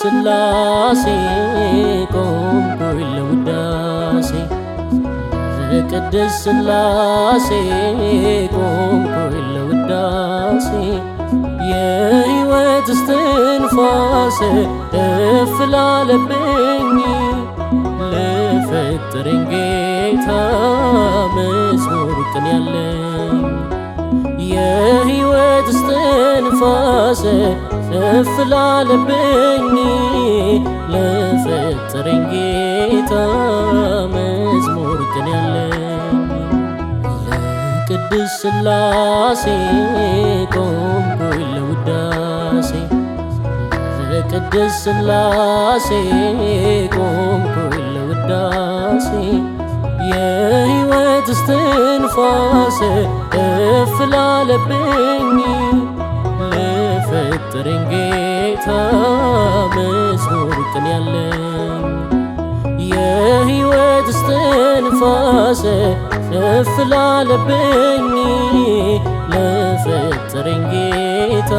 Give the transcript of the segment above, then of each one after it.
ስላሴ ቆምኩኝ ለውዳሴ ዘቅድስ ስላሴ ቆምኩኝ ለውዳሴ የሕይወት እስትንፋስ እፍ ላለብኝ ለፈጠረኝ ጌታ መዝሙር ቅኔ ያለኝ የሕይወት ራስ ከፍ ላለብኝ ለፈጠረኝ ጌታ መዝሙር ግን ያለኝ ለቅድስት ሥላሴ ቆምኩኝ ለውዳሴ ለቅድስት ሥላሴ ቆምኩኝ ለውዳሴ የሕይወት እስትንፋስ ከፍ ላለብኝ የፈጠረኝ ጌታ መዝሙር ቅኔ የሕይወት ከፍ ላለብኝ ለፈጠረኝ ጌታ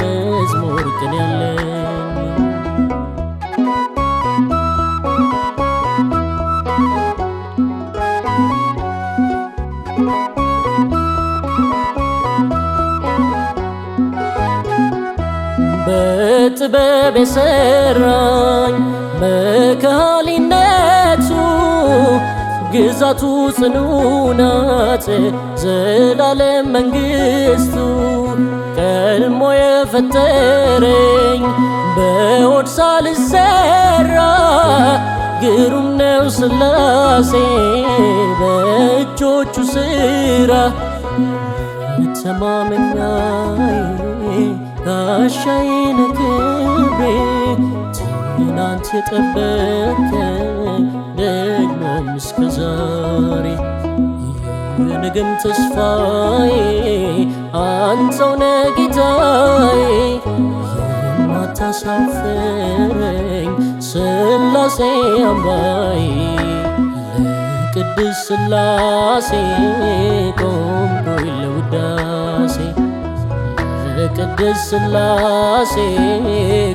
መዝሙር በጥበብ የሰራኝ መካሊነቱ ግዛቱ ጽኑ ናት ዘላለም መንግስቱ ቀድሞ የፈጠረኝ በሆድ ሳልሰራ ግሩም ነው ስላሴ በእጆቹ ስራ መተማመኛዬ ጋሻዬ ክብሬ ትናንት የጠበቅከኝ ደግሞም እስከ ዛሬ የነገም ተስፋዬ አንተው ነህ የማታሳፍረኝ አምባዬ ለቅድስት ቆምኩኝ ለውዳሴ ቅድስት ሥላሴ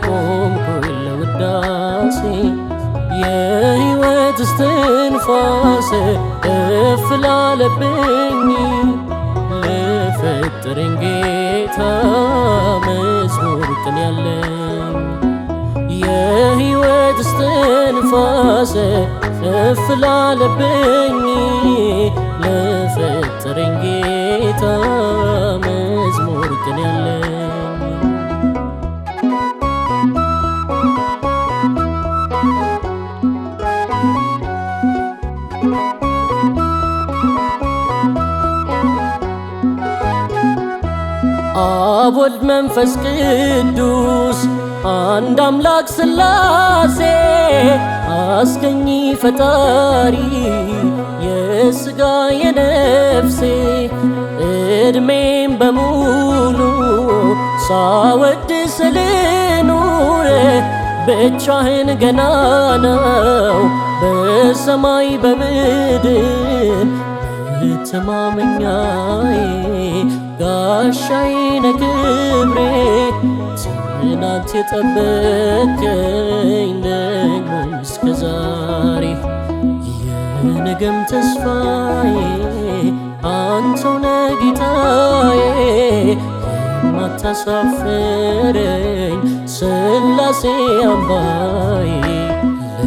ቆምኩኝ ለውዳሴ የሕይወት እስትንፋስ እፍ ላለብኝ ለፈጠረኝ ጌታ መዝሙር ቅኔ ያለኝ የሕይወት እስትንፋስ እፍ ላለብኝ አብ ወልድ መንፈስ ቅዱስ አንድ አምላክ ሥላሴ አስገኝ ፈጣሪ የሥጋ የነፍሴ እድሜም በሙሉ ሳወድ ልኑር ብቻህን ገናናው ነው በሰማይ በምድር መተማመኛዬ ጋሻዬ ነህ ክብሬ ትናንት የጠበከኝ ደግሞ እስከ ዛሬ የነገም ተስፋዬ አንተው ነህ ጌታዬ የማታሳፍረኝ ሥላሴ አምባዬ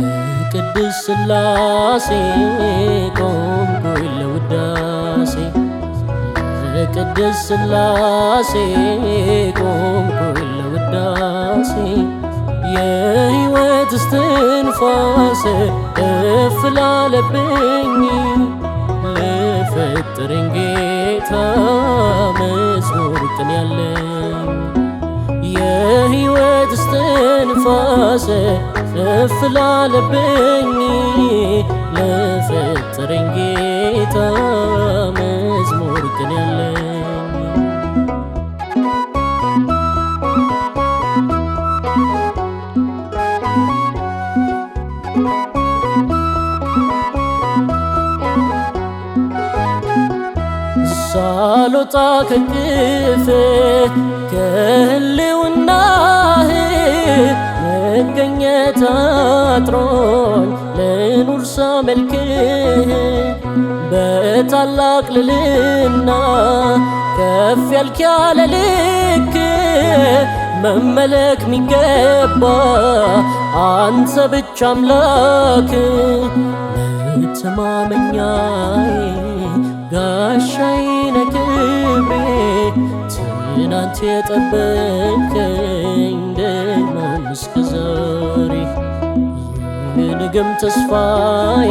ለቅድስት ሥላሴ ቆምኩኝ ለውዳሴ ቅድስት ስላሴ ቆምኩኝ ለውዳሴ የሕይወት እስትንፋስ እፍ ላለብኝ ለፈጠረኝ ጌታ መዝሙር ቅኔ የሕይወት እስትንፋስ እፍ ላለብኝ ለፈጠረኝ ጌታ ግን የለኝ ሳልወጣ ከቅፌ ከህልውናህ መገኘት አጥሮኝ ልኑር ሳመልክህ ታላቅ ልልና ከፍ ያልክ ያለ ልክ መመለክ ሚገባ አንተ ብቻ አምላክ መተማመኛዬ ጋሻዬ ነክብሬ ትናንት የጠበቅከኝ ደህና እስከ ዛሬ የንግም ተስፋዬ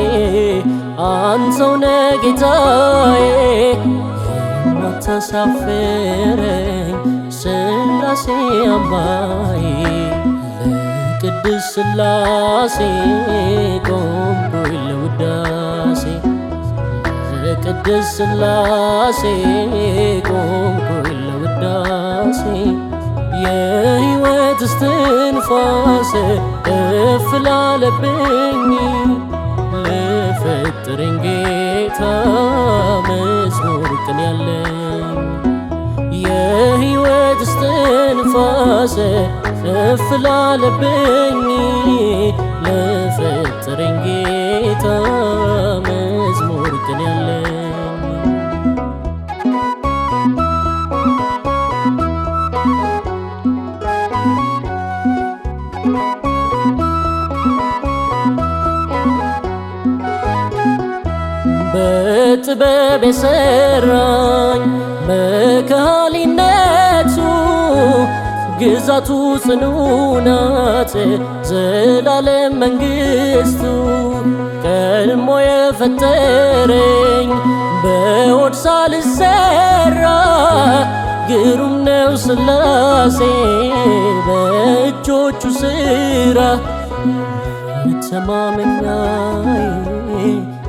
አንተው ነህ ጌታዬ የማታሳፍረኝ ሥላሴ አምባዬ ለቅድስት ሥላሴ ቆምኩኝ ለውዳሴ ለቅድስት ሥላሴ ቆምኩኝ ለውዳሴ የሕይወት እስትንፋስ እፍ ያጠረኝ ጌታ መዝሙር ቅኔ ያለኝ የሕይወት ከፍ ላለብኝ ለፈጠረኝ ጌታ መዝሙር ቅኔ በጥበብ የሰራኝ መካሊነቱ ግዛቱ ጽኑ ናት ዘላለም መንግስቱ ቀድሞ የፈጠረኝ በሆድ ሳልሰራ ግሩም ነው ስላሴ በእጆቹ ስራ መተማመኛዬ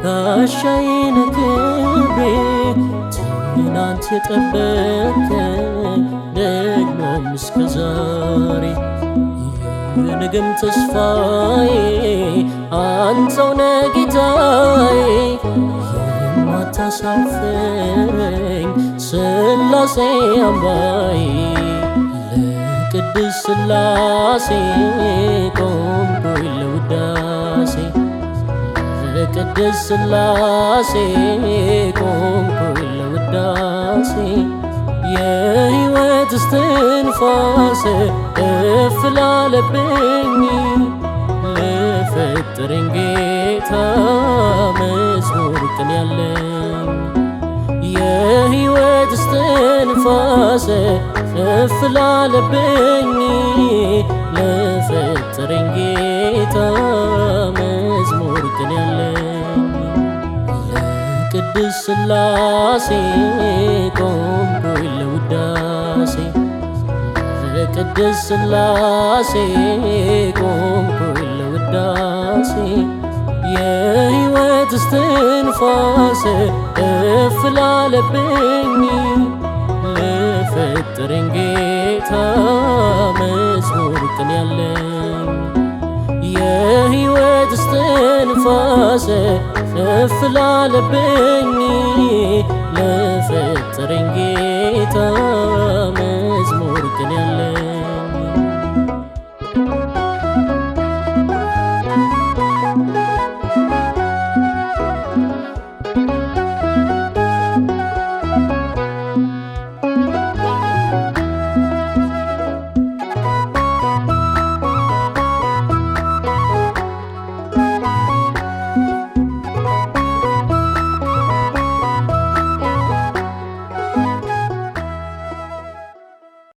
ጋሻዬ ነህ ትናንት የጠበቅከኝ ደግሞም እስከ ዛሬ የነገም ተስፋዬ አንተው ነህ የማታሳፍረኝ ስላሴ አምባዬ ለቅድስት ስላሴ ቆምኩኝ ለውዳሴ ቅድስት ሥላሴ ቆምኩ ለውዳሴ የሕይወት እስትንፋስ እፍ ላለብኝ ለፈጠረኝ ጌታ መዝሙር ቅኔ ያለኝ የሕይወት እስትንፋስ እፍ ላለብኝ ስላሴ ቆምኩኝ ለውዳሴ ቅድስት ስላሴ ቆምኩኝ ለውዳሴ የሕይወት እስትንፋስ እፍ ላለብኝ ለፈጠረኝ ጌታ መዝሙር ቅኔ ያለኝ የህይወት እስትንፋሴ ከፍ ላለብኝ ለፈጠረኝ ጌታ መዝሙር ግን ያለ